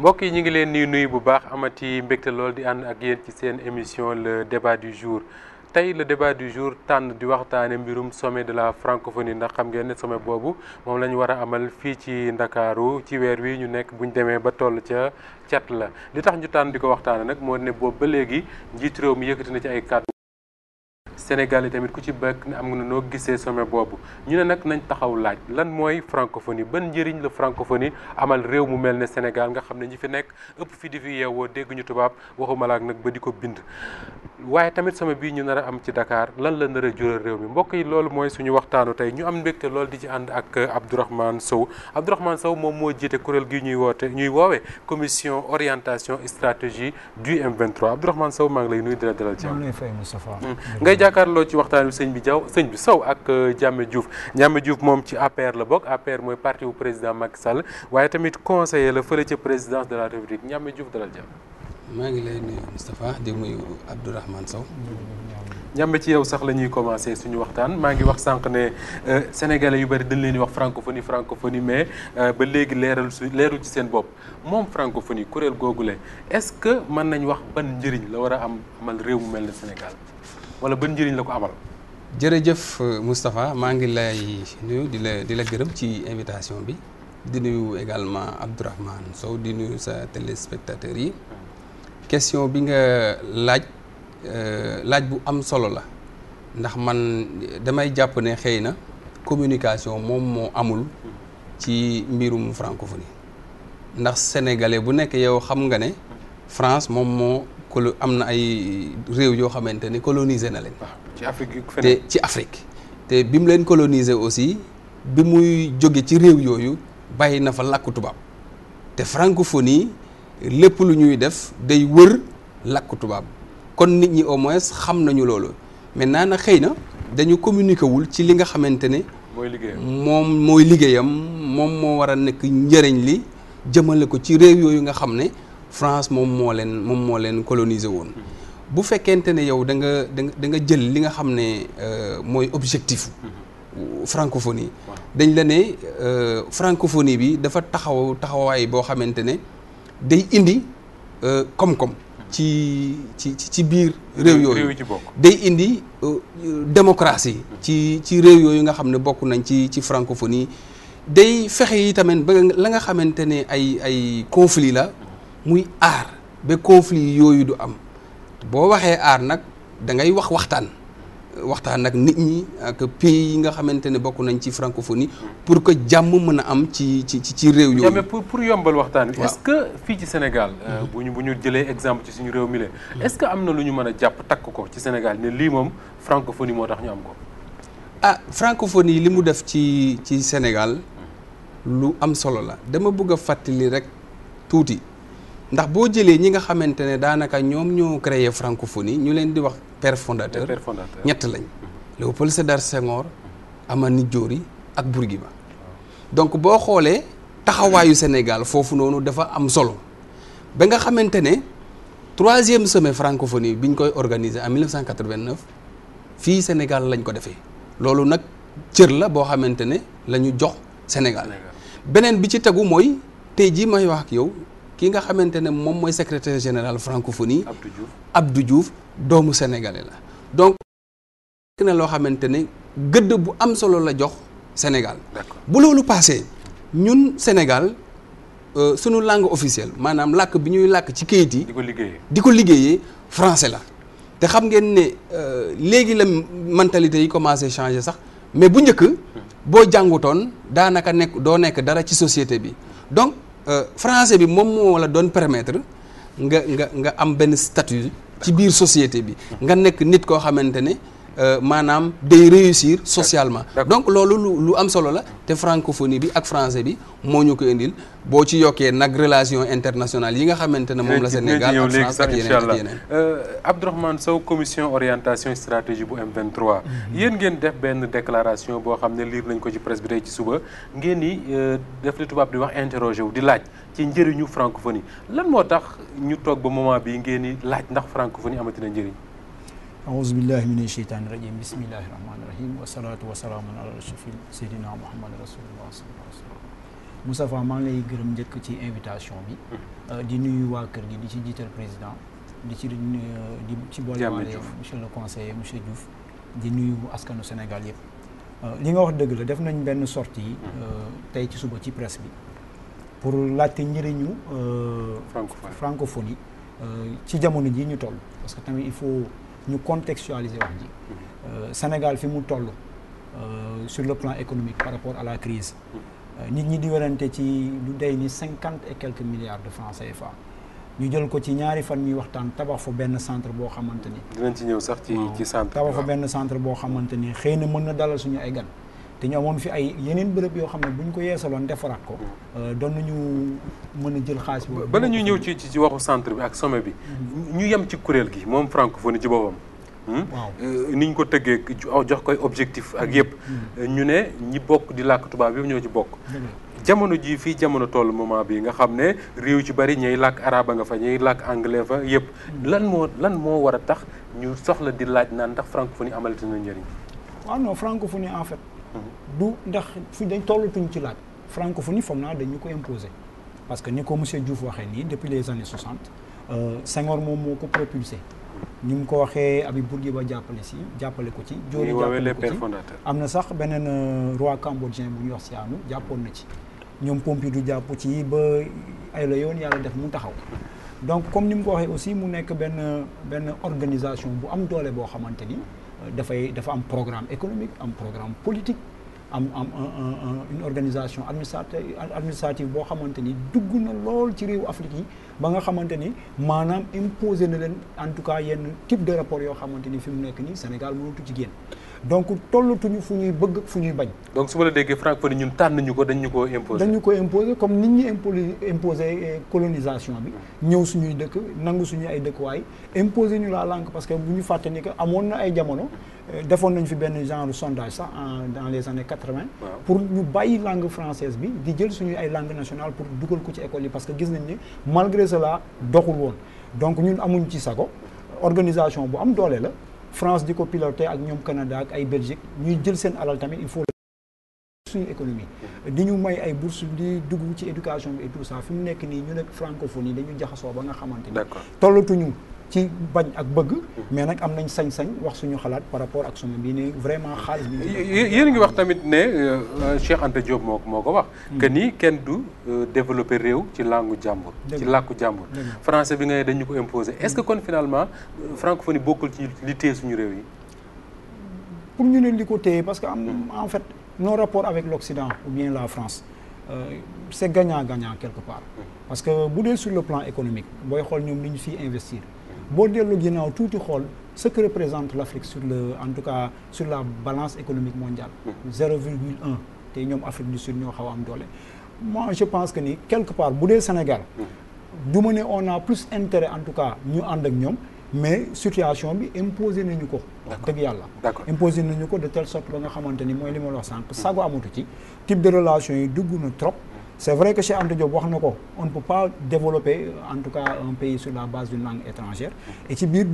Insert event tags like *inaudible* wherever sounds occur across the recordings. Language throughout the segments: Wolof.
mbokk yi ñu ngi leen di nuyu bu baax amati mbégte lool di ànd ak yéen ci seen émission le débat du jour tey le débat du jour tànn di waxtaane mbirum somme de la francophonie ndax xam ngeen ne sommet boobu moom la ñu war a amal fii ci ndakaaru ci weer wi ñu nekk bu ñu demee ba toll ca cat la li tax ñu tànn di ko waxtaane nag moo ne boobu ba léegi njiitu réew mi yëkkati na ci ay kàddu Sénégal yi tamit ku ci bëgg ne am nga noo gisee sommet boobu ñu ne nag nañ taxaw laaj lan mooy francophonie ban njëriñ la francophonie amal réew mu mel ne Sénégal nga xam ne ñi fi nekk ëpp fi di fi yeewoo dégg ñu tubaab waxumalaak nag ba di ko bind. waaye tamit sommet bii ñu nar am ci Dakar lan la nar a jural réew mi mbokk yi loolu mooy suñu waxtaanu tey ñu am mbégte loolu di ci ànd ak Abdourahmane Sow Abdourahmane Sow moom moo jiite kuréel gi ñuy woote ñuy woowee commission orientation stratégie du M23 Abdourahmane Sow maa ngi lay nuyu di jàkkaarloo ci waxtaan wi sëñ bi Diaw sëñ bi Sow ak euh, Diame Diouf Diame Diouf moom ci APR la bokk APR mooy parti wu président Macky Sall waaye tamit conseiller la fële ca présidence de la République Diame Diouf dalal jàmm. maa ngi lay nuyu Moustapha di nuyu Abdourahmane Sow. ñambe ci yow sax la ñuy commencé suñu waxtaan maa ngi wax sànq ne euh, sénégalais yu bëri dañ leen di wax francophonie francophonie mais euh, ba léegi leeral su leerul ci seen bopp moom francophonie kuréel googule est-ce que mën nañ wax ban njëriñ la war a am amal réew mu mel na Sénégal. wala ban njëriñ la ko amal. jërëjëf euh, Moustapha maa ngi lay nuyu di la di la gërëm ci invitation bi di nuyu également Abdourahmane Sow di nuyu sa téléspectateurs yi question bi nga laaj euh, laaj bu am solo la ndax man damay jàpp ne xëy na communication moom moo amul ci mbirum francophonie ndax sénégalais bu nekk yow xam nga ne France moom moo. colo am na ay réew yoo xamante ne coloniser na leen. Ah, ci Afrique te ci Afrique. te bi mu leen coloniser aussi bi muy jóge ci réew yooyu bàyyi na fa làkku tubaab te francophonie lépp lu ñuy def day wër làkku tubaab kon nit ñi au moins xam nañu loolu maintenant na xëy na dañu communiquer wul ci li nga xamante ne. mooy liggéeyam moom mooy liggéeyam moom moo war a nekk njëriñ li jëmale ko ci réew yooyu nga xam ne. France moom moo leen moom moo leen coloniser woon bu fekkente ne yow da nga da nga jël li nga xam ne euh, mooy objectif francophonie dañ la ne euh, francophonie bi dafa taxaw taxawaay boo xamante ne day indi euh, koom-koom ci ci ci biir réew yooyu day indi démocratie ci ci réew yooyu nga xam ne bokk nañ ci ci francophonie day fexe yi tamit la nga xamante ne ay ay conflit la muy aar ba conflit yooyu du am boo waxee aar nag da ngay wax waxtaan waxtaan nag nit ñi ak pays yi nga xamante ne bokk nañ ci francophonie pour que jàmm mën a am ci ci ci réew yooyu. mais pour pour yombal waxtaan wi. est que fii ci Sénégal. Euh, mm-hmm. bu ñu bu ñu jëlee exemple ci suñu réew mi la. Mm-hmm. est-ce que am na lu ñu mën a jàpp takk ko ci Sénégal ne lii moom francophonie moo tax ñu am ko. ah francophonie li mu def ci ci Sénégal lu am solo la dama bëgg a fàttali rek tuuti. ndax boo jëlee ñi nga xamante ne daanaka ñoom ñu créé francophonie ñu leen di wax père fondateur ñett lañ Léopold Sédar Senghor Amani Diori ak Bourguiba donc boo xoolee taxawaayu Sénégal foofu noonu dafa am solo ba nga xamante ne troisième sommet francophonie bi ñu koy organisé en 1989 fii Sénégal lañ ko defee loolu nag cër la boo xamante ne la ñu jox Sénégal beneen bi ci tegu mooy tey jii may wax ak yow ki nga xamante ne moom mooy secrétaire général francophonie Abdou Diouf Abdou Diouf doomu sénégalais la donc na loo xamante ne gëdd bu am solo la jox Sénégal bu loolu passé ñun Sénégal euh, sunu langue officielle maanaam làkk bi ñuy làkk ci kayit yi di ko liggéeyee français la te xam ngeen ne euh, léegi la mentalité yi commencé changer sax mais bu njëkk hmm. boo jàngutoon daanaka nekk doo nekk dara ci société bi donc Euh, français bi moom moo la doon permettre nga nga nga am benn statut ci biir société bi ah. nga nekk nit koo xamante ne Euh, maanaam day réussir socialement donc loolu lu lu am solo la te francophonie bi ak français bi moo ñu ko indil boo ci yokkee nag relation internationale yi nga xamante ne moom la Sénégal ak France ak yeneen ak yeneen euh, Abdourahmane Sow commission orientation stratégie bu M23 mhm. yéen ngeen def benn déclaration boo xam ne liir nañ ko ci presse ci suba ngeen ni euh, def li tubaab di wax interroger wu di laaj ci njëriñu francophonie lan moo tax ñu toog ba moment bii ngeen ni laaj ndax francophonie amati na njëriñ أعوذ بالله من الشيطان الرجيم بسم الله الرحمن الرحيم والصلاة والسلام على رسول سيدنا محمد رسول الله صلى الله عليه وسلم Moussa Fall maa ngi lay gërëm njëkk ci invitation bi hmm. euh, di nuyu waa kër gi di ci jiital président di ci euh, di ci boolewaale monsieur le conseiller monsieur Diouf di nuyu askanu Sénégal yëpp euh, li nga wax dëgg la def nañ benn sortie yi hmm. tey ci suba ci presse bi pour laajte njëriñu francophonie ci jamono ji ñu toll parce tamit il faut ñu contextualiser wax ji euh, Sénégal fi mu toll euh, sur le plan économique par rapport à la crise euh, nit ñi di werante ci lu day ni cinquante et quelques milliards de francs CFA ñu jël ko ci ñaari fan ñuy waxtaan tabax fa benn centre boo xamante ni. dinañ ci ñëw sax ci ci centre. tabax fa benn centre boo xamante ni xëy na mën na dalal suñu ay gan. te ñoo moom fi ay yeneen bërëb yoo xam ne bu ñu ko yeesaloon defaraat ko euh, doon ñu mën a jël xaalis bi bala ñu ñëw ci ci waxu centre bi ak sommet bi ñu yem ci kuréel gi moom francophonie ci boppam hmm? waaw euh, ni ñu ko tëggee jox koy objectif ak hmm. yëpp hmm. ñu ne ñi bokk di làkk tubaab yëpp ñoo ci bokk jamono jii fii jamono toll moment bi nga xam ne réew ci bari ñay làkk araba nga fa ñay làkk anglais fa yëpp lan moo lan moo war a tax ñu soxla di laaj naan ndax francophonie amalati na njëriñ waaw ah non francophonie en fait du ndax fu dañ tollatuñ ci laaj francophonie foog naa dañu ko imposer parce que ni ko monsieur Diouf waxee nii depuis les années 60 euh, Senghor moom moo ko propulsé ni mu ko waxee abi Habib ba jàppale si jàppale ko ci joori jàppale ko ci am na sax beneen euh, roi cambodgien bu ñuy wax Sihanouk jàppoon na ci ñoom du jàpp ci ba ay la yoon yàlla def mu taxaw donc comme ni mu ko waxee aussi mu nekk benn benn organisation bu am doole boo xamante ni dafay dafa am programme économique am programme politique am am une organisation administrative administrative boo xamante ni dugg na lool ci réew Afrique yi ba nga xamante ni maanaam imposé na leen en tout cas yenn type de rapport yoo xamante ni fi mu nekk nii Sénégal mënatu ci génn donc tollatuñu fu ñuy bëgg fu ñuy bañ. donc su ma la déggee francophonie ñun tànn nañu ko dañ ñu ko imposer. dañ ñu ko imposer comme nit ñi imposer imposer eh, colonisation bi ñëw suñuy dëkk nangu suñu ay dëkkuwaay imposer ñu la langue parce que bu ñu fàtte ni que amoon na ay jamono eh, defoon nañu fi benn genre sondage sax dans les années quatre-vingt. pour ñu bàyyi langue française bi di jël suñu ay langue nationale pour dugal ko ci école yi parce que gis nañ ni malgré cela doxul woon donc ñun amuñ ci sago organisation bu am doole la. France di ko piloté ak ñoom Canada ak ay Belgique ñuy jël seen alal tamit il faut suñu économie di ñu may ay bourse di dugg ci éducation bi et tout ça fi mu nekk nii ñu nekk francophonie dañu jaxasoo ba nga xamante ni tollatuñu ci bañ ak bëgg mais nag am nañ sañ-sañ wax suñu xalaat par rapport ak sommet bii ne vraiment xaalis bi yéen ngi wax tamit ne euh, Cheikh Anta Diop moo moo ko wax hmm. que nii kenn du euh, développer réew ci langue jàmbur ci làkku jàmbur français bi nga ne dañu ko imposer est-ce que kon finalement euh, francophonie bokkul ci li téye suñu réew yi pour ñu ne li ko téye parce que am na hmm. en fait nos rapport avec l'Occident ou bien la France c'est gagnant-gagnant quelque part hmm. parce que bu dee sur le plan économique booy xool ñoom li ñu investir boo dellu ginnaaw tuuti xool ce que représente l'Afrique sur le en tout cas sur la balance économique mondiale. 0,1 mm-hmm. te ñoom Afrique du Sud ñoo xaw a am doole. moi je pense que ni quelque part bu dee Sénégal. Mm-hmm. du ma ne on a plus intérêt en tout cas ñu ànd ak ñoom. mais situation bi imposé nañu ko. wax dëgg yàlla. imposé nañu ko de tell sorte ba nga xamante ni mooy li ma la wax sànq. sago amatu ci type de relation yi dugg na trop. c'est vrai que Cheikh Anta Diop wax na ko on ne peut pas développer en tout cas un pays sur la base d'une langue étrangère et ci biir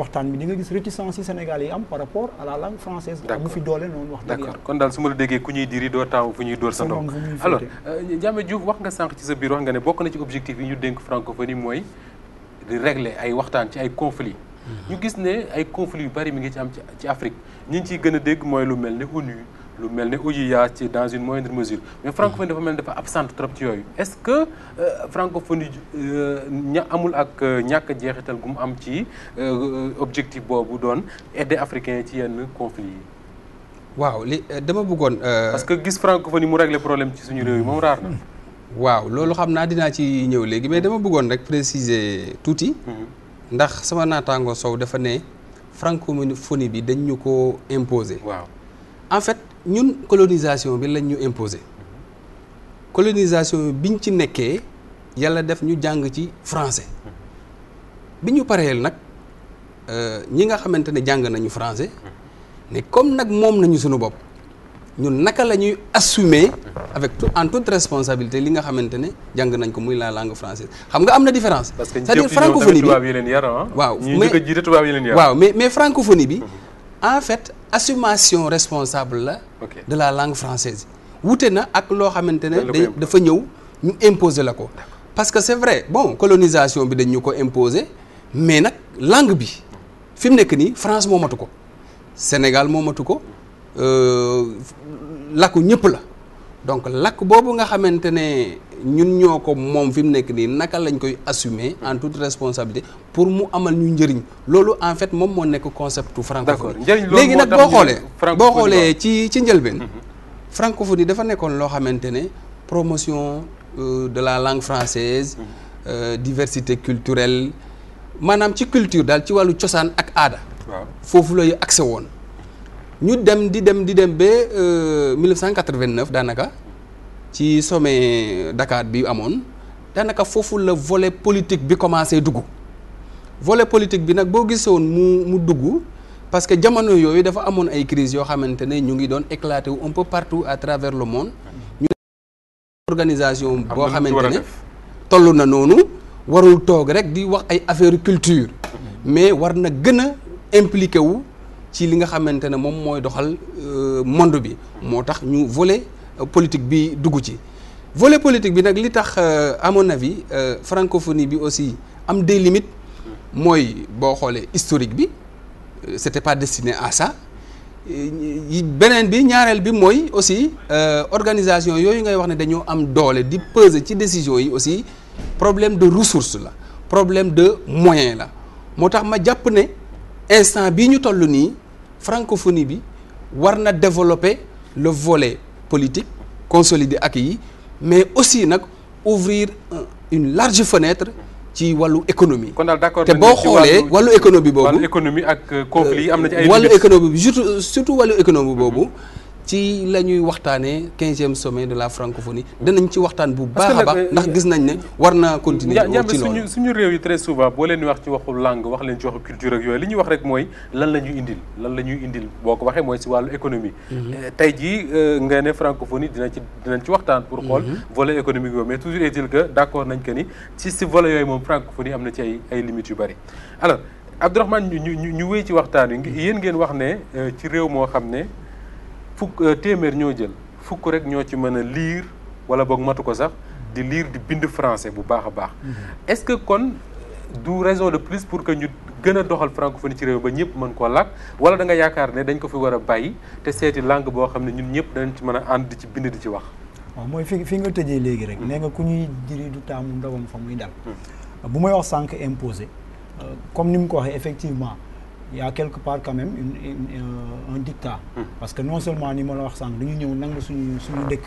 waxtaan bi di nga gis réticence yi Sénégal yi am par rapport à la langue française fi doole noonu wax d'accord kon daal su ma la déggee ku ñuy diri doo taaw fu ñuy dóor sa ndox alors Ndiamé euh, Diouf wax nga sànq ci sa biir wax nga ne bokk na ci objectif yi ñu dénk francophonie mooy régler ay waxtaan ci ay conflits mhm. ñu gis ne ay conflits yu bari mi ngi ci am ci ñi ñu ciy gën a dégg mooy lu mel ne lu mel ne Ouya ci dans une moindre mesure mais francophonie dafa mel ne dafa absente trop ci yooyu est-ce que euh, francophonie euh, ña amul ak euh, ñàkk jeexital gu mu am ci objectif boobu doon aider africain ci yenn conflits yi. waaw li dama bëggoon. parce que gis francophonie mu régler problème ci suñu réew yi moom raar na. waaw loolu xam naa dinaa ci ñëw léegi mais dama bëggoon rek préciser tuuti. Mhm. ndax sama naataango Sow dafa ne francophonie bi dañ ko imposer. waaw ñun colonisation bi lañ ñu imposé colonisation biñ ci nekkee yàlla def ñu jàng ci français bi ñu pareel nag euh, ñi nga xamante ne jàng nañu français ne comme nag moom nañu sunu bopp ñun naka la ñuy assumer avec tout en toute responsabilité li nga xamante ne jàng nañ ko muy la langue française xam nga am na différence. cest dire francophonie bi que ah. tubaab yi leen yar waaw mais mais bi en fait. assumation responsable la. de la langue française wute na ak loo xamante ne dafa ñëw ñu imposer la ko. parce que c'est vrai bon colonisation bi dañu ko imposer mais nag langue bi fi mu nekk nii France moomatu ko Sénégal moomatu ko euh, làkku ñëpp la. donc lakk boobu nga xamante ne ñun ñoo ko moom fi mu nekk nii naka lañ koy assumer en toute responsabilité pour mu amal ñu njëriñ loolu en fait moom moo nekk conceptu francophonie léegi nag boo xoolee boo xoolee ci ci njëlbeen mhm. francophonie dafa nekkoon loo xamante ne promotion euh, de la langue française mhm. euh, diversité culturelle maanaam ci culture daal ci wàllu cosaan ak aada foofu lay accès woon ñu dem di dem di dem ba 1989 euh, daanaka ci sommet Dakar bi amoon daanaka foofu la vole politique bi commencé dugg vole politique bi nag boo gisoon mu mu dugg parce que jamono yooyu dafa amoon ay crises yoo xamante ne ñu ngi doon éclater wu un peu partout à travers le monde organisation boo xamante ne toll na noonu warul toog rek di wax ay affaire culture mm-hmm. mais war na gën a impliqué wu ci li nga xamante ne moom mooy doxal euh, monde bi moo tax ñu vole euh, politique bi dugg ci vole politique bi nag li tax euh, à mon avis francophonie bi aussi am des mooy boo xoolee historique bi c'était pas destiné à ça beneen bi ñaareel bi mooy aussi organisation yooyu ngay wax ne dañoo am doole di peser ci décision yi aussi problème de resource la problème de moyens la moo tax ma jàpp ne instant bi ñu toll nii francophonie bi war na développer le volet politique consolider ak yi mais aussi nag ouvrir une large fenêtre ci wàllu économie. kon daal d'accord te boo xoolee wàllu économie boobu wàllu économie ak conflit am na ci ay euh, wàllu surtout surtout wàllu économie boobu. ci la ñuy waxtaanee quinzième sommet de la francophonie danañ ci waxtaan bu baax a baax ndax gis nañ ne war naa continuer ci loolu suñu réew yi très souvent boo leen wax ci waxu langue wax leen ci waxu culture yooyu li ñuy wax rek mooy lan la ñuy indil lan la ñuy indil boo ko waxee mooy si wàllu économie mhm. euh, tey jii euh, nga ne francophonie dina ci dinañ ci waxtaan pour xool mhm. volet économique yooyu mais toujours est-il que d'accord nañ que ni ci si volet yooyu moom francophonie am na ci ay ay limites yu ñu ñu ñu wéy ci waxtaan wi yéen ngeen wax ne euh, ci réew moo xam ne fukk euh, téeméer ñoo jël fukk rek ñoo ci mën a liir wala boog matu ko sax di liir di bind français bu baax a baax. Mhm. est-ce que kon du raison de plus pour que ñu gën a doxal francophonie ci réew ba ñëpp mën koo làkk wala da nga yaakaar ne dañ ko fi war a bàyyi te seeti langue boo xam ne ñun ñëpp danañ ci mën a ànd di ci bind di ci wax. waaw mooy fi fi nga tëjee léegi rek. Mhm. nee nga ku ñuy jiri du taamu ndogam fa muy dal. Mhm. bu may wax sànq imposé euh, comme ni mu ko waxee effectivement. il y a quelque part quand même euh, un dictat. Hmm. parce que non seulement ni ma la wax sànq dañu ñëw nangu suñu suñu dëkk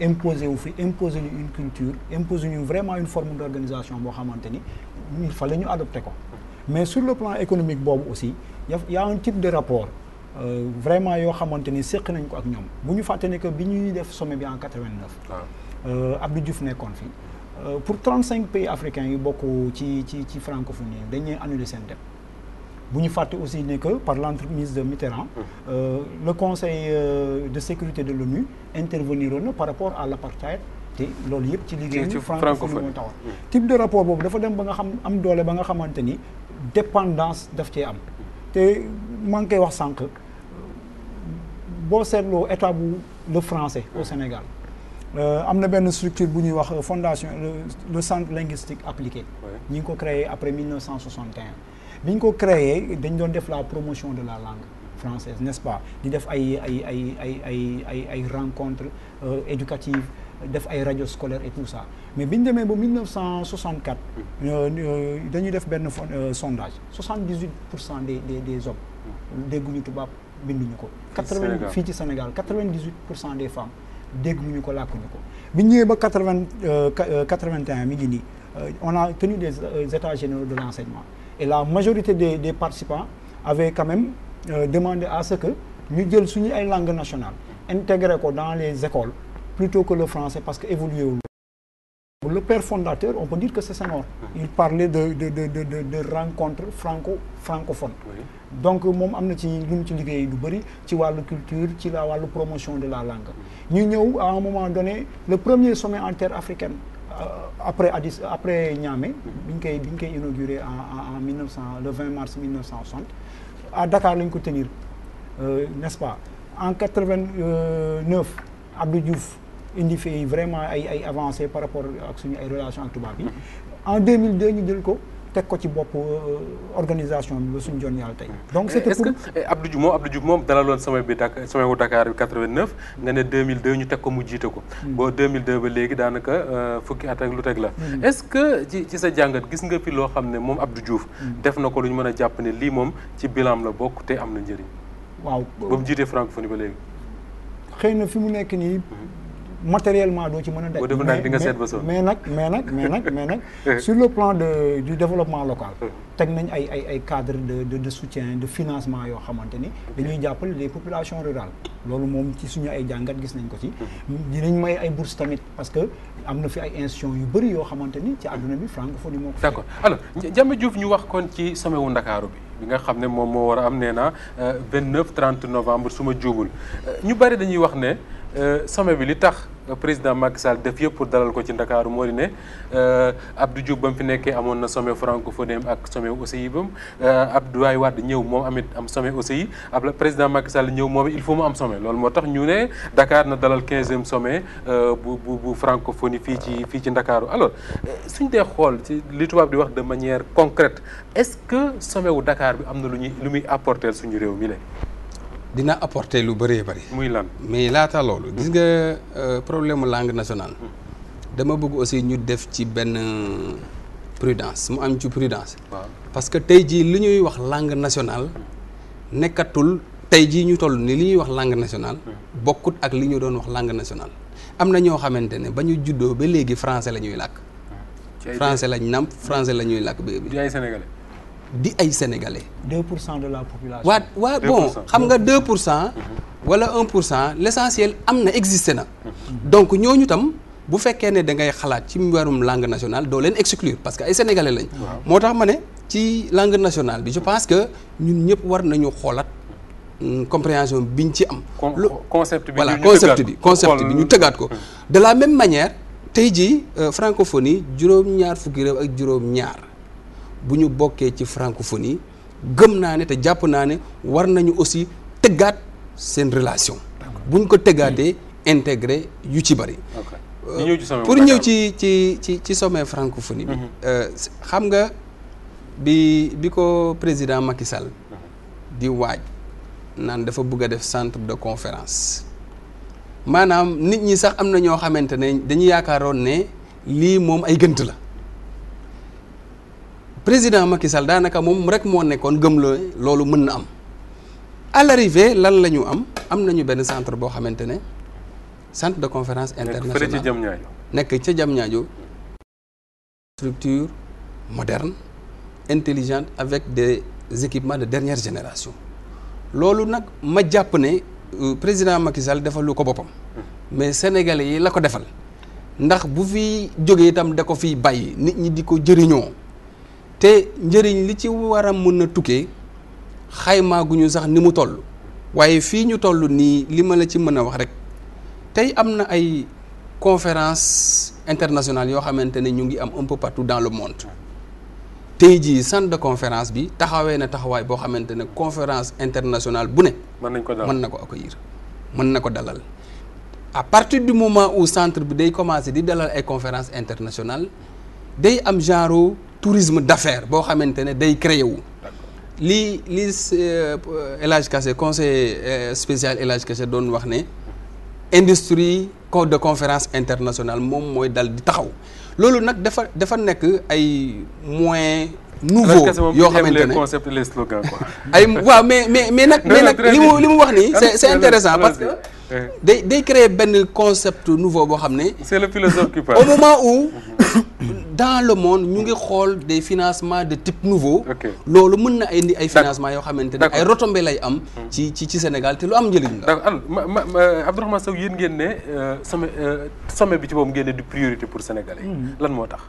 imposer wu fi imposer ñu une culture imposer ñu vraiment une forme d' organisation boo xamante ni il fallait ñu adopté ko. mais sur le plan économique boobu aussi y a y a un type de rapport euh, vraiment yoo xamante ni séq nañ ko ak ñoom bu ñu fàtte ne que bi ñuy def sommet bi en 89. Ah. Euh, du Diouf nekkoon fii euh, pour 35 pays africains yu bokk ci ci ci francophonie dañ annulé seen dem. bu ñu fàtte aussi ne que par l'entremise de Mitterrand euh, le conseil euh, de sécurité de l'ONU intervenir na par rapport à l'apartheid te loolu yëpp ci liggéeyu francophone moo taxoon type de rapport boobu dafa dem ba nga xam am doole ba nga xamante ni dépendance daf cee am te maa ngi koy wax sànq boo seetloo état bu le français au Sénégal euh, am na benn structure bu ñuy wax fondation le centre linguistique appliqué ñi ngi ko créé après 1961 bi ñu ko créer dañu doon def la promotion de la langue française n'est-ce pas di def ay ay ay ay ay ay ay rencontres euh, éducatives def ay rajo scolaire et tout ça mais bi ñu demee ba 1964 mm. euh, dañuy def benn euh, sondage 78 pour cent des des des hommes mm. dégguñu tubaab binduñu ko. quatre fii ci Sénégal 98 pour cent des femmes dégguñu ko làkkuñu ko bi ñëwee ba 80 81 mi nii on a tenu des états généraux de l'enseignement et la majorité des des participants avaient quand même euh, demandé à ce que ñu jël suñu ay langue nationale intégrer ko dans les écoles plutôt que le français parce que évolué wul le père fondateur on peut dire que c'est Senghor il parlait de de de de rencontre franco francophone oui. donc moom am na ci lu mu ci liggéey lu bëri ci wàllu culture ci la wàllu promotion de la langue ñu ñëw à un moment donné le premier sommet en terre africaine Euh, après Addis après Niamey bi ñ koy bi ñu koy inauguré en en en mille neuf cent le 20 mars 1960 à Dakar la ñu ko tenir euh, n'est-ce pas en vingt 89 Abdou Diouf indi fii vraiment ay ay avancées par rapport ak suñu ay relations ak tubaab yi en 2002 ñu jël ko. teg ko ci bopp euh, organisation bi ba suñu joon yàlla tey. donc c'était pour est-ce que eh, Abdou Diouf moom Abdou Diouf moom dalaloon samay bi Dakar samay wu Dakar bi 89. nga ne 2002 ñu teg ko mu jiite ko. Hmm. boo 2002 ba léegi daanaka euh, fukki at ak lu teg la. Hmm. est-ce que ci ci sa jàngat gis nga fi loo xam ne moom Abdou Diouf. Hmm. def na ko lu ñu mën a jàpp ne lii moom ci bilan la bokk te am na njariñ waaw ba mu jiitee francophonie ba léegi. xëy na fi mu nekk nii. matériellement doo ci mën a daj mais nag mais nag mais nag mais nag *laughs* sur le plan de du développement local teg nañ ay ay ay cadre de de soutien de financement yoo xamante ni dañuy jàppale les populations rurales loolu moom ci suñu ay jàngat gis nañ ko ci dinañ may ay bourse tamit parce que am na fi ay institutions yu bëri yoo xamante ni ci àdduna bi francophonie moo ko d'accord alors Ndiamé Diouf ñu wax kon ci sommet wu Ndakaaru bi bi nga xam ne moom moo war a am nee na 29 30 novembre su ma juumul euh, ñu bëri dañuy wax ne Euh, sommet bi li tax président Macky Sall def yëpp pour dalal ko ci Ndakaaru moo di ne euh, Abdou Diouf ba mu fi nekkee amoon na sommet francophonie ak sommet ba bam euh, Abdoulaye Wade ñëw moom amit am sommet OCI ab président Macky Sall ñëw moom il faut mu am sommet loolu moo tax ñu ne dakaar na dalal quinzième sommet bu bu bu francophonie fii ci fii ci Ndakaaru alors suñ dee xool ci li tubaab di wax de manière concrète est-ce que sommet wu Dakar bi am na lu ñuy lu muy apporter suñu réew mi la dina apporter lu bëree bëri. muy lan mais laata loolu. gis nga euh, problème mu national hmm. dama bëgg aussi ñu def ci benn prudence mu am ci prudence. waaw parce que tey jii li ñuy wax langue national nekkatul tey jii ñu toll ni li ñuy wax langue national hmm. bokkut ak li ñu doon wax langue national am na ñoo xamante ne ba ñu juddoo ba léegi français la ñuy làkk. Hmm. français lañ namp français la ñuy làkk bi. du ay sénégalais. di ay sénégalais. 2 pour cent de la population. waa waa bon xam nga 2 pour cent. wala 1 pour cent l' am na existé na. donc ñooñu tam bu fekkee ne da ngay xalaat ci warum langue nationale doo leen exclure parce que ay sénégalais lañ. moo tax ma ne ci langue nationale bi je pense que ñun ñëpp war nañu xoolaat. Hmm, bi biñ ci am. concept bi voilà concept bi concept bi ñu tëggaat ko. Hmm. de la même manière tey jii euh, francophonie juróom-ñaar fukki réew ak juróom-ñaar. bu ñu bokkee ci francophonie gëm naa ne te jàpp naa ne war nañu aussi tëggaat seen relation buñ ko tëggaatee intégré yu ci bari euh, pour ñëw ci ci ci ci sommet francophonie bi mhm. euh, xam nga bi bi ko président Macky Sall mhm. di waaj naan dafa bëgg a def centre de conférence maanaam nit ñi sax am na ñoo xamante ne dañu yaakaaroon ne lii moom ay gënt la président Macky Sall daanaka moom rek moo nekkoon gëm la loolu mën na am à l'arrivée lan la ñu am am nañu benn centre boo xamante ne centre de conférence internationale nekk ca Diamniadio structure moderne intelligente avec des équipements de dernière génération loolu nag ma jàpp ne euh, président Macky defalu ko boppam mais sénégalais yi la ko defal ndax bu fi jógee itam da ko fiy bàyyi nit ñi di ko jëriñoo te njëriñ li ci war a mën a tukkee xaymaa gu ñu sax ni mu toll waaye fii ñu toll nii li ma la ci mën a wax rek tey am na ay conférence internationale yoo xamante ne ñu ngi am un peu partout dans le monde tey jii centre de conférence bi taxawee na taxawaay boo xamante ne conférence internationale bu ne. mën nañ ko dalal mën na ko mën na ko dalal. à partir du moment au centre bi day commencé di dalal ay conférence internationale day am genre. tourisme d'affaires boo xamante ne day créé wu li li euh, El Hadj conseil euh, spécial El Hadj Kassé doon wax ne industrie code de conférence internationale moom mooy dal di taxaw loolu nag dafa dafa nekk ay moyens nouveau yoo xamante ne concept les slogans quoi *laughs* ay waaw mais mais mais nag mais nag li mu li mu wax nii c'est c'est intéressant parce que day day créer benn concept nouveau boo xam ne c'est le philosophe qui parle au moment où *coughs* dans le monde ñu ngi xool des financement de type nouveau loolu mën na indi ay financements yoo xamante ne ay retombées lay am hmm. ci ci ci Sénégal te lu am njëriñ la d'accord Abdourahmane Sow yéen ngeen ne euh, sommet euh, sommet bi ci boobu ngeen ne du priorité pour Sénégalais hmm. lan moo tax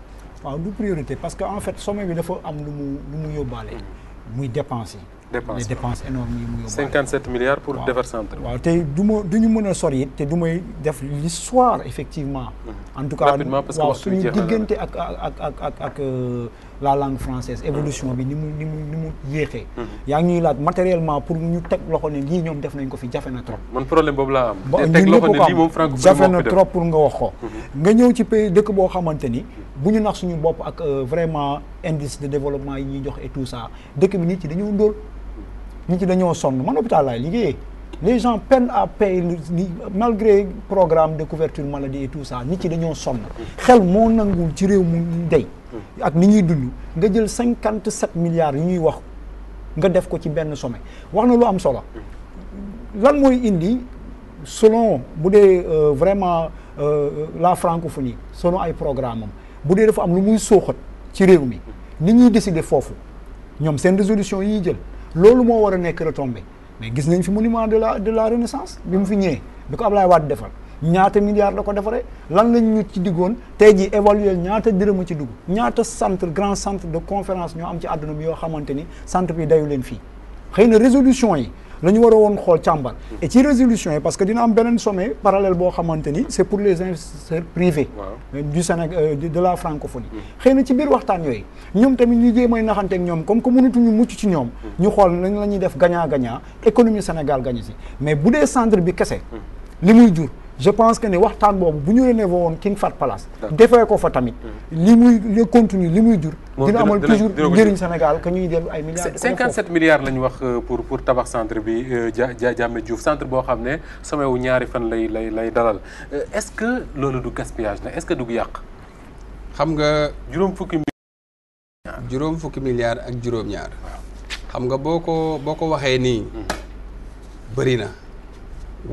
waaw du priorité parce que en fait sommet bi dafa am lu mu lu mu yóbbaale. Mm. muy dépense yi. dépense les dépenses énormes yi mu yóbbaale. 57 milliards pour déversembre. waaw te du ma du ñu mën a sori te du may def l'histoire effectivement. Mm. en tout cas waaw suñu diggante ak ak ak ak ak. Euh, la langue française évolution bi ni mu ni mu ni mu yéexee mhm. yaa ngi ñuy laaj matériellement pour ñu teg loxo ne lii ñoom def nañ ko fi jafe na trop man problème boobu laa am teg loxo ne lii moom francophone jafe na trop pour nga wax ko mhm. nga ñëw ci pays dëkk boo xamante ni bu ñu nax suñu bopp ak euh, vraiment indice de développement yi ñuy jox et tout ça dëkk bi nit ci dañoo ndóol nit ci dañoo sonn man hôpital laay liggéeyee les gens peinent à payer malgré programme de couverture maladie et tout ça nit ci dañoo sonn mhm. xel moo nangul ci réew mu dey ak ni ñuy dund nga jël cinquante sept milliards yi ñuy wax nga def ko ci benn sommet wax na lu am solo lan mooy indi solon bu dee euh, vraiment euh, la nii selon ay programme am bu dee dafa am lu muy sooxat ci réew mi ni ñuy décider foofu ñoom seen résolution yi ñuy jël loolu moo war a nekk retombé mais gis nañ fi monument de la de la renaissance bi mu fi ñëwee bi ko Ablaye Wade defal ñaata milliards la ko defaree lan lañ ñu ci diggoon tey ji évaluer ñaata dërëmu ci dugg ñaata centre grand centre de conférence ñoo am ci àdduna bi yoo xamante ni centre bi dayu leen fii xëy na résolution yi la ñu war a woon xool càmbar et ci résolution yi parce que dina am beneen sommet parallèle boo xamante ni c'est pour les investisseurs privés euh, du Sénégal euh, de la francophonie xëy na ci biir waxtaan yooyu ñoom tamit ñu jéem a naxante ñoom comme que mënatuñu mucc ci ñoom ñu xool nañ la ñuy def gagnant gagnant économie Sénégal gagné si mais bu dee centre bi kese li muy jur je pense que ni waxtaan boobu bu ñu rénové woon King Fahd Palace. defee ko fa tamit. Mm-hmm. li muy continuer continue li muy jur. dina amal toujours njëriñ Sénégal que ñuy jël ay milliards. 57 milliards la ñu wax euh, pour pour tabax centre bi euh, Dia Diame Diouf centre boo xam ne sama wu ñaari fan lay lay lay dalal euh, est-ce que loolu du gaspillage na est-ce que du yàq. xam nga juróom fukki. juróom fukki milliards ak juróom ñaar. xam nga boo ko boo ko waxee nii. Mm-hmm. bëri na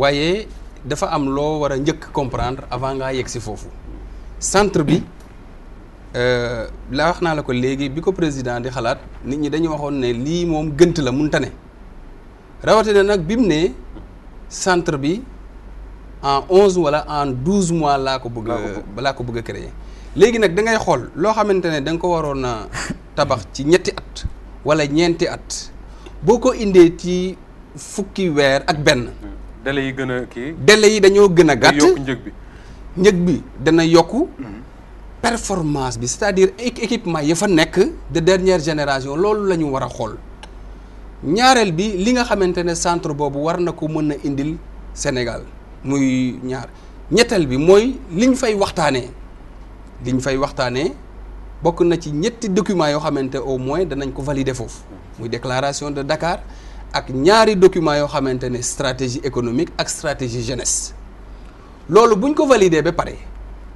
waaye. dafa am loo war a njëkk comprendre avant ngaa yegg si foofu centre bi euh, la wax naa la ko léegi bi ko président di xalaat nit ñi dañu waxoon ne lii moom gënt la munta ne rawatina nag bi mu ne centre bi en onze wala en douze mois laa ko bëgg balaa ko bëgg a léegi nag dangay xool loo xamante ne da nga ko waroon a tabax ci ñetti at wala ñeenti at boo ko indee ci fukki weer ak benn hmm. délai yi gën a kii. délai yi dañoo gën a gàtt njëg bi. njëg bi dana yokku. Mhm. performance bi c'est-à-dire équipement ya fa nekk de dernière génération loolu la ñu war a xool ñaareel bi li nga xamante ne centre boobu war na ko mën a indil Sénégal muy ñaar ñetteel bi mooy liñ fay waxtaanee liñ fay waxtaanee bokk na ci ñetti documents yoo xamante au moins danañ ko valider foofu muy déclaration de Dakar. ak ñaari document yoo xamante ne stratégie économique ak stratégie jeunesse loolu bu ñu ko valider ba pare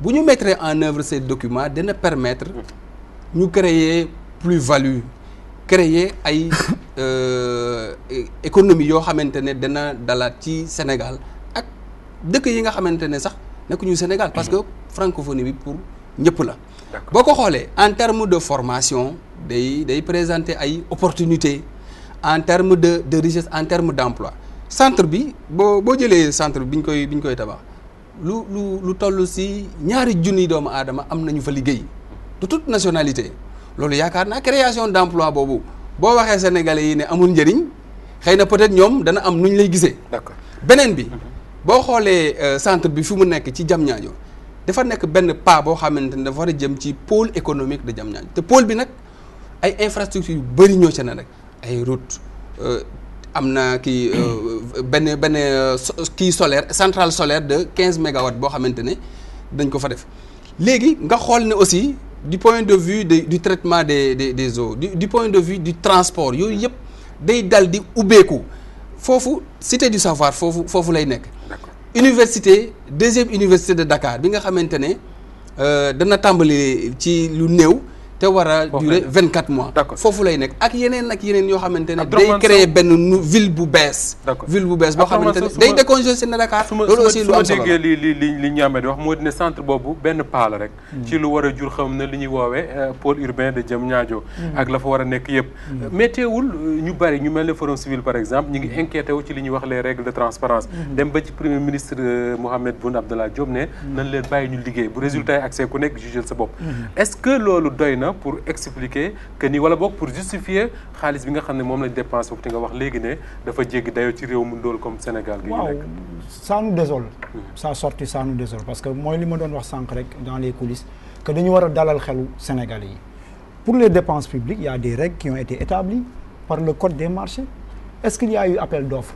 bu ñu mettre en œuvre ces document dina permettre ñu créer plus-value créer ay *coughs* euh, économie yoo xamante ne dana dalaat ci Sénégal ak dëkk yi nga xamante ne sax nekkuñu Sénégal parce que francophonie bi pour ñëpp la boo ko xoolee en termes de formation day day présenter ay opportunités en terme de de richesse en terme d'emploi centre bi boo boo jëlee centre bi bi ñu koy bi koy tabax lu lu lu toll si ñaari junni doomu aadama am nañu fa liggéey de nationalité loolu yaakaar naa création d'emploi boobu boo waxee sénégalais yi ne amul njëriñ xëy na peut-être ñoom dana am nu ñu lay gisee. d'accord beneen bi. Mhm. boo xoolee euh, centre bi fi mu nekk ci Diamniadio dafa nekk benn pas boo xamante ne dafa war a jëm ci pôle économique de jam Diamniadio te pôle bi nag ay infrastructures yu bëri ñoo ca ne rek. ay route euh, am na kii euh, benn benn euh, kii solaire central solaire de quinze mégawatts boo xamante ne dañ ko fa def léegi nga xool ne aussi du point de vue de, du traitement des de des eaux du, point de vue du transport yooyu yëpp day dal di ubbeeku foofu cité du savoir foofu foofu lay nekk. université deuxième université de Dakar bi nga xamante ne dana tàmbali ci lu néew. te war a durer vingt quatre mois foofu lay nekk ak yeneen ak yeneen yoo xamante day créer benn ville bu bees boo xamante day décongestionner Dakar loolu aussi li ñaamee di wax moo di ne centre boobu benn paa rek mm. ci lu war a jur xam na li ñuy woowee euh, pôle urbain de Diamniadio mm. ak la war a nekk yëpp mm. mais euh, ñu bari ñu mel ne forum civil par exemple ñu ngi inquiété ci li ñuy wax les règles de transparence dem ba ci premier ministre euh, Mohamed Boun Abdallah pour expliquer que nii wala boog pour justifier xaalis bi nga xam ne moom lañ dépensé foofu te nga wax léegi ne dafa jéggi dayoo ci réew mu ndóol comme Sénégal gi waaw ça nous désole hmm. ça sorti ça nous désole parce que mooy li ma doon wax sànq rek dans les coulisses que dañu war a dalal xelu Sénégalais yi pour les dépenses publiques il y a des règles qui ont été par le code des marché est-ce qu'il y a eu appel d'offres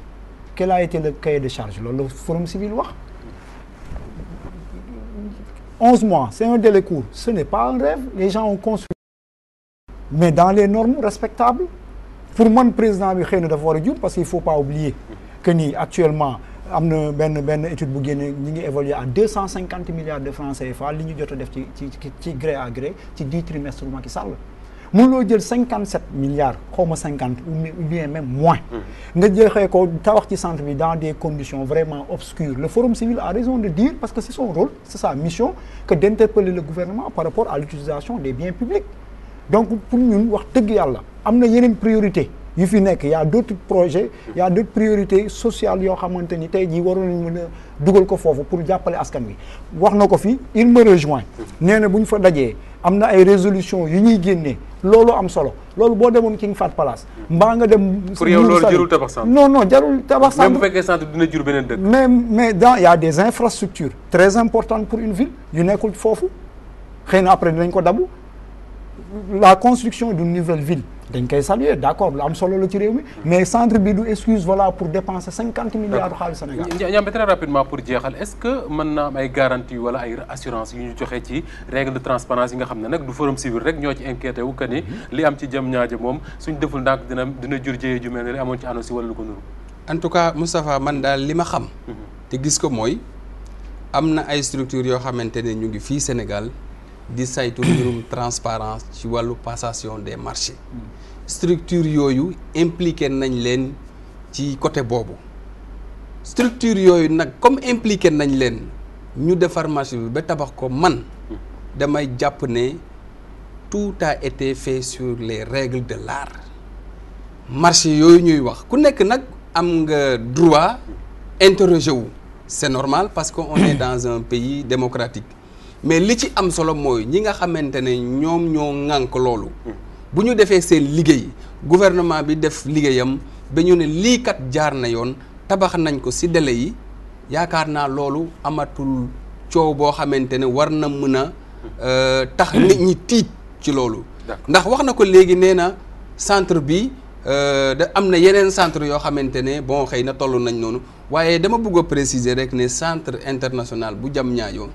quel a été le cahier de charge loolu la forum wax 11 mois, c'est un délai court. Ce n'est pas un rêve. Les gens ont construit. Mais dans les normes respectables. Pour man président bi xëy na dafa war a parce qu'il faut pas oublier que ni actuellement am na benn benn étude bu génne ñi ngi évaluer à 250 milliards de francs CFA li ñu jot a def ci ci ci gré à gré ci 10 trimestres Macky Sall. loo jël cinquante sept milliards xaw ma cinquante bien même moins. nga jëlee ko tabax ci centre bi dans des conditions vraiment obscures le forum civil a raison de dire parce que c'est son rôle c'est sa mission que d'interpeller le gouvernement par rapport à l'utilisation des biens publics donc pour ñun wax dëgg yàlla am na yeneen priorité yu fi nekk y a d'autres projets y a d'autres priorités sociales yoo xamante ni tey jii waroon nañ mën a dugal ko foofu pour jàppale askan wi wax na ko fi il me rejoint nee na bu ñu fa dajee am na ay résolution yu ñuy génnee loolu am solo loolu boo demoon King faat Palace mbaa nga dem pour yow loolu jarul tabax centre non no jarul tabax centre même bu fekkee centre dina jur beneen dëkk mais mais dans y des infrastructures très importantes pour une ville yu nekkul foofu xëy na après dinañ ko dabu la construction d'une nouvelle ville dañ koy saluer d'accord lu am solo la ci réew mi mais centre bi du excuse voilà pour dépenser cinquante milliards xaalis Sénégal. ñaam très rapidement pour jeexal est-ce que mën naa am ay garantie wala ay assurance yu ñu joxe ci règle de transparence yi nga xam ne nag du forum civil rek ñoo ci inquiété wu que ni mm-hmm. li am ci jëm a moom suñ deful ndànk dina dina jur jëye ju mel ne li amoon ci annonce wala lu ko nuru en tout man daal li ma xam mm-hmm. te gis ko mooy am na ay structures yoo xamante ne ñu ngi fii Sénégal di saytu mbirum transparence ci wàllu passation des marché structure yooyu impliqué nañ leen ci côté boobu structure yooyu nag comme impliqué nañ leen ñu defar marché bi ba tabax ko man damay jàpp ne tout a été fait sur les règles de l'art marché yooyu ñuy wax ku nekk nag am nga droit interroger wu c'est normal parce que on est dans un pays démocratique mais li ci am solo mooy ñi nga xamante ne ñoom ñoo ŋànk loolu bu ñu defee seen liggéey gouvernement bi def liggéeyam ba ñu ne liikat jaar na yoon tabax nañ ko si délai yi yaakaar naa loolu amatul coow boo xamante ne war na mën a euh, tax nit ñi tiit ci loolu ndax wax na ko léegi nee na centre bi euh, da am na yeneen centre yoo xamante ne bon xëy na toll nañ noonu waaye dama bëgg a préciser rek ne centre international bu jam ñaayoo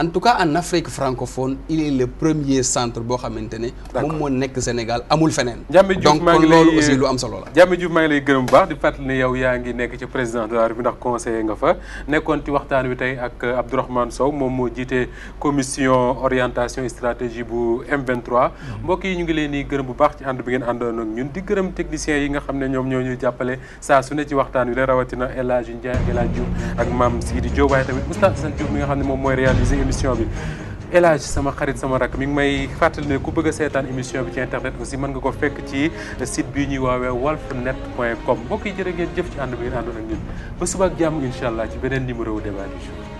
en tout cas en Afrique francophone il est le premier centre boo xamante ne. moom moo nekk Sénégal amul feneen. donc loolu aussi lu am solo la. Diame Diouf maa ngi lay gërëm bu baax di fàttali ne yow yaa ngi nekk ci président de la République ndax conseiller nga fa nekkoon ci waxtaan wi tey ak Abdourahmane Sow moom moo jiite commission orientation stratégie bu M23. Mhm. mbokk yi ñu ngi leen di gërëm bu baax ci ànd bi ngeen àndoon ak ñun di gërëm techniciens yi nga xam ne ñoom ñoo ñuy jàppale saa su ne ci wi la rawatina El Hadj Ndiaye El Hadj Diouf ak maam Sidi Diop émission bi El sama xarit sama rakk mi may fàttali ne ku bëgg a seetaan émission bi ci internet aussi mën nga koo fekk ci site bi ñuy waawee walfnet point com mbokk yi jërë ngeen jëf ci ànd bi ngeen àndoon ak ñun ba suba ak jàmm incha allah ci beneen numéro wu débat